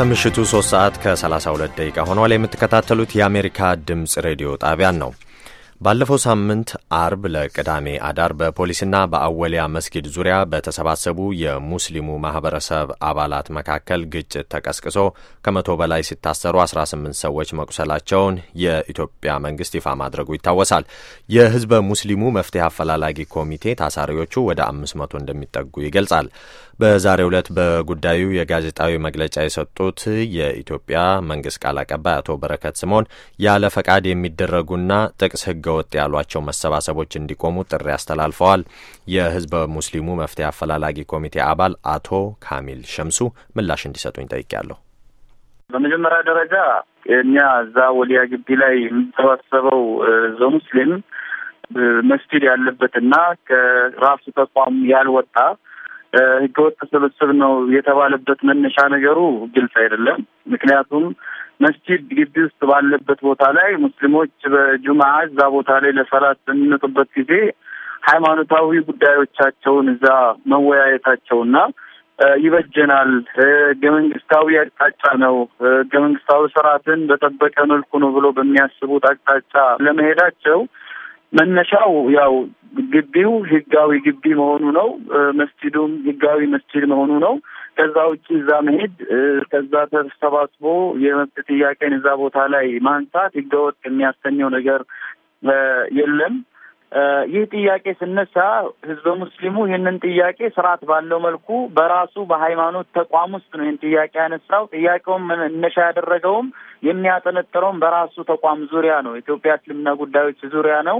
ከምሽቱ 3 ሰዓት ከ32 ደቂቃ ሆኗል። የምትከታተሉት የአሜሪካ ድምፅ ሬዲዮ ጣቢያን ነው። ባለፈው ሳምንት አርብ ለቅዳሜ አዳር በፖሊስና በአወሊያ መስጊድ ዙሪያ በተሰባሰቡ የሙስሊሙ ማህበረሰብ አባላት መካከል ግጭት ተቀስቅሶ ከመቶ በላይ ሲታሰሩ 18 ሰዎች መቁሰላቸውን የኢትዮጵያ መንግስት ይፋ ማድረጉ ይታወሳል። የህዝበ ሙስሊሙ መፍትሄ አፈላላጊ ኮሚቴ ታሳሪዎቹ ወደ 500 እንደሚጠጉ ይገልጻል። በዛሬው ዕለት በጉዳዩ የጋዜጣዊ መግለጫ የሰጡት የኢትዮጵያ መንግስት ቃል አቀባይ አቶ በረከት ስምኦን ያለ ፈቃድ የሚደረጉና ጥቅስ ህግ ህገወጥ ያሏቸው መሰባሰቦች እንዲቆሙ ጥሪ አስተላልፈዋል። የህዝበ ሙስሊሙ መፍትሄ አፈላላጊ ኮሚቴ አባል አቶ ካሚል ሸምሱ ምላሽ እንዲሰጡኝ ጠይቄያለሁ። በመጀመሪያ ደረጃ እኛ እዛ ወሊያ ግቢ ላይ የሚሰባሰበው ህዝበ ሙስሊም መስጂድ ያለበትና ከራሱ ተቋም ያልወጣ ህገወጥ ስብስብ ነው የተባለበት መነሻ ነገሩ ግልጽ አይደለም። ምክንያቱም መስጂድ ግቢ ውስጥ ባለበት ቦታ ላይ ሙስሊሞች በጁማ እዛ ቦታ ላይ ለሰላት በሚመጡበት ጊዜ ሃይማኖታዊ ጉዳዮቻቸውን እዛ መወያየታቸውና ይበጀናል፣ ህገ መንግስታዊ አቅጣጫ ነው፣ ህገ መንግስታዊ ስርዓትን በጠበቀ መልኩ ነው ብሎ በሚያስቡት አቅጣጫ ለመሄዳቸው መነሻው ያው ግቢው ህጋዊ ግቢ መሆኑ ነው። መስጂዱም ህጋዊ መስጂድ መሆኑ ነው። ከዛ ውጭ እዛ መሄድ ከዛ ተሰባስቦ የመብት ጥያቄን እዛ ቦታ ላይ ማንሳት ህገወጥ የሚያሰኘው ነገር የለም። ይህ ጥያቄ ስነሳ ህዝበ ሙስሊሙ ይህንን ጥያቄ ስርዓት ባለው መልኩ በራሱ በሃይማኖት ተቋም ውስጥ ነው ይህን ጥያቄ ያነሳው። ጥያቄውም መነሻ ያደረገውም የሚያጠነጥረውም በራሱ ተቋም ዙሪያ ነው፣ ኢትዮጵያ እስልምና ጉዳዮች ዙሪያ ነው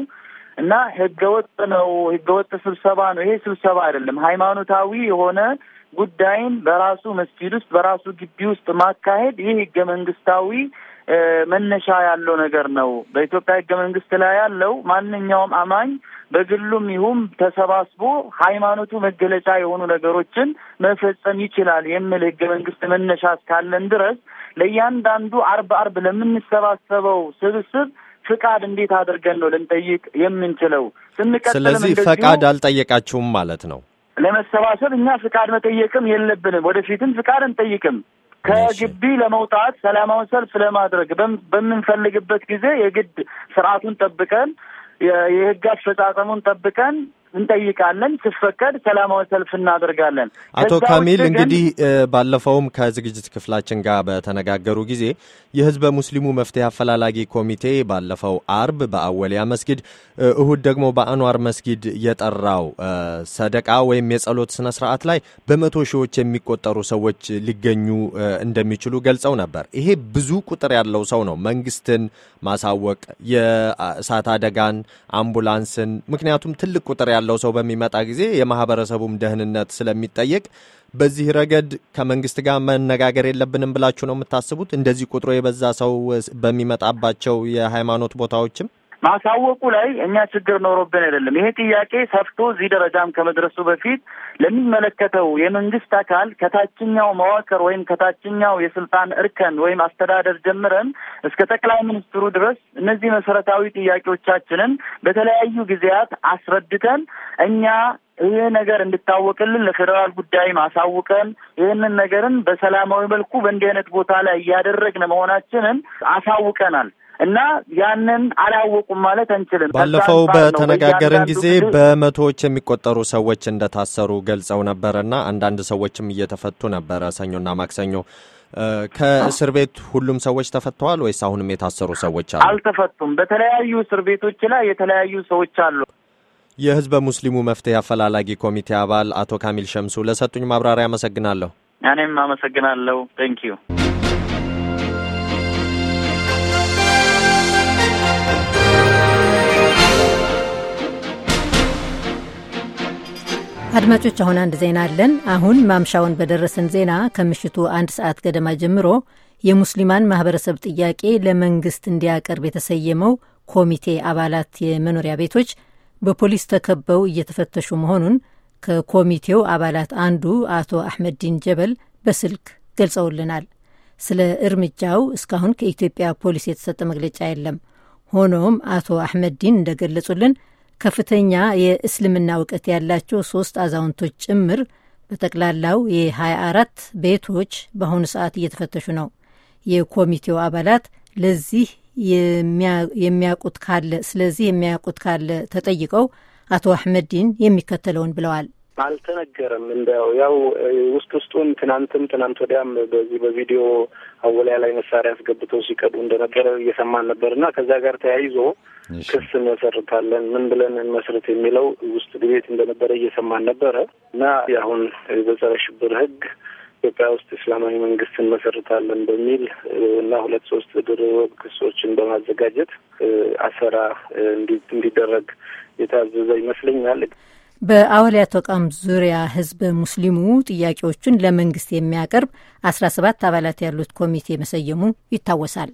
እና ህገወጥ ነው፣ ህገወጥ ስብሰባ ነው። ይሄ ስብሰባ አይደለም፣ ሃይማኖታዊ የሆነ ጉዳይን በራሱ መስጊድ ውስጥ በራሱ ግቢ ውስጥ ማካሄድ ይህ ህገ መንግስታዊ መነሻ ያለው ነገር ነው። በኢትዮጵያ ህገ መንግስት ላይ ያለው ማንኛውም አማኝ በግሉም ይሁም ተሰባስቦ ሃይማኖቱ መገለጫ የሆኑ ነገሮችን መፈጸም ይችላል የሚል ህገ መንግስት መነሻ እስካለን ድረስ ለእያንዳንዱ አርብ አርብ ለምንሰባሰበው ስብስብ ፍቃድ እንዴት አድርገን ነው ልንጠይቅ የምንችለው? ስንቀጥል ስለዚህ ፈቃድ አልጠየቃችሁም ማለት ነው። ለመሰባሰብ እኛ ፍቃድ መጠየቅም የለብንም። ወደፊትም ፍቃድ እንጠይቅም። ከግቢ ለመውጣት ሰላማዊ ሰልፍ ለማድረግ በምንፈልግበት ጊዜ የግድ ስርዓቱን ጠብቀን የህግ አስፈጻጸሙን ጠብቀን እንጠይቃለን። ስፈቀድ ሰላማዊ ሰልፍ እናደርጋለን። አቶ ካሚል እንግዲህ ባለፈውም ከዝግጅት ክፍላችን ጋር በተነጋገሩ ጊዜ የህዝበ ሙስሊሙ መፍትሄ አፈላላጊ ኮሚቴ ባለፈው አርብ በአወሊያ መስጊድ፣ እሁድ ደግሞ በአኗር መስጊድ የጠራው ሰደቃ ወይም የጸሎት ስነ ስርዓት ላይ በመቶ ሺዎች የሚቆጠሩ ሰዎች ሊገኙ እንደሚችሉ ገልጸው ነበር። ይሄ ብዙ ቁጥር ያለው ሰው ነው። መንግስትን ማሳወቅ የእሳት አደጋን፣ አምቡላንስን ምክንያቱም ትልቅ ቁጥር ያለው ሰው በሚመጣ ጊዜ የማህበረሰቡም ደህንነት ስለሚጠየቅ በዚህ ረገድ ከመንግስት ጋር መነጋገር የለብንም ብላችሁ ነው የምታስቡት? እንደዚህ ቁጥሩ የበዛ ሰው በሚመጣባቸው የሃይማኖት ቦታዎችም ማሳወቁ ላይ እኛ ችግር ኖሮብን አይደለም። ይሄ ጥያቄ ሰፍቶ እዚህ ደረጃም ከመድረሱ በፊት ለሚመለከተው የመንግስት አካል ከታችኛው መዋቅር ወይም ከታችኛው የስልጣን እርከን ወይም አስተዳደር ጀምረን እስከ ጠቅላይ ሚኒስትሩ ድረስ እነዚህ መሰረታዊ ጥያቄዎቻችንን በተለያዩ ጊዜያት አስረድተን እኛ ይህ ነገር እንድታወቅልን ለፌዴራል ጉዳይ ማሳውቀን ይህንን ነገርን በሰላማዊ መልኩ በእንዲህ አይነት ቦታ ላይ እያደረግን መሆናችንን አሳውቀናል። እና ያንን አላወቁም ማለት አንችልም። ባለፈው በተነጋገርን ጊዜ በመቶዎች የሚቆጠሩ ሰዎች እንደታሰሩ ገልጸው እና አንዳንድ ሰዎችም እየተፈቱ ነበረ ሰኞና ማክሰኞ። ከእስር ቤት ሁሉም ሰዎች ተፈተዋል ወይስ አሁንም የታሰሩ ሰዎች አሉ? አልተፈቱም። በተለያዩ እስር ቤቶች ላይ የተለያዩ ሰዎች አሉ። የህዝበ ሙስሊሙ መፍትሄ አፈላላጊ ኮሚቴ አባል አቶ ካሚል ሸምሱ ለሰጡኝ ማብራሪያ አመሰግናለሁ። እኔም አመሰግናለሁ። ቴንኪዩ አድማጮች አሁን አንድ ዜና አለን። አሁን ማምሻውን በደረሰን ዜና ከምሽቱ አንድ ሰዓት ገደማ ጀምሮ የሙስሊማን ማህበረሰብ ጥያቄ ለመንግስት እንዲያቀርብ የተሰየመው ኮሚቴ አባላት የመኖሪያ ቤቶች በፖሊስ ተከበው እየተፈተሹ መሆኑን ከኮሚቴው አባላት አንዱ አቶ አሕመድዲን ጀበል በስልክ ገልጸውልናል። ስለ እርምጃው እስካሁን ከኢትዮጵያ ፖሊስ የተሰጠ መግለጫ የለም። ሆኖም አቶ አሕመድዲን እንደገለጹልን ከፍተኛ የእስልምና እውቀት ያላቸው ሶስት አዛውንቶች ጭምር በጠቅላላው የ24 ቤቶች በአሁኑ ሰዓት እየተፈተሹ ነው። የኮሚቴው አባላት ለዚህ የሚያውቁት ካለ ስለዚህ የሚያውቁት ካለ ተጠይቀው አቶ አሕመዲን የሚከተለውን ብለዋል። አልተነገረም። እንደው ያው ውስጥ ውስጡን ትናንትም ትናንት ወዲያም በዚህ በቪዲዮ አወላያ ላይ መሳሪያ አስገብተው ሲቀዱ እንደነበረ እየሰማን ነበር እና ከዛ ጋር ተያይዞ ክስ እንመሰርታለን ምን ብለን እንመስረት የሚለው ውስጥ ድቤት እንደነበረ እየሰማን ነበረ እና አሁን በጸረ ሽብር ኢትዮጵያ ውስጥ እስላማዊ መንግስት እንመሰርታለን በሚል እና ሁለት ሶስት ድር ክሶችን በማዘጋጀት አሰራ እንዲደረግ የታዘዘ ይመስለኛል። በአውሊያ ተቋም ዙሪያ ህዝበ ሙስሊሙ ጥያቄዎቹን ለመንግስት የሚያቀርብ 17 አባላት ያሉት ኮሚቴ መሰየሙ ይታወሳል።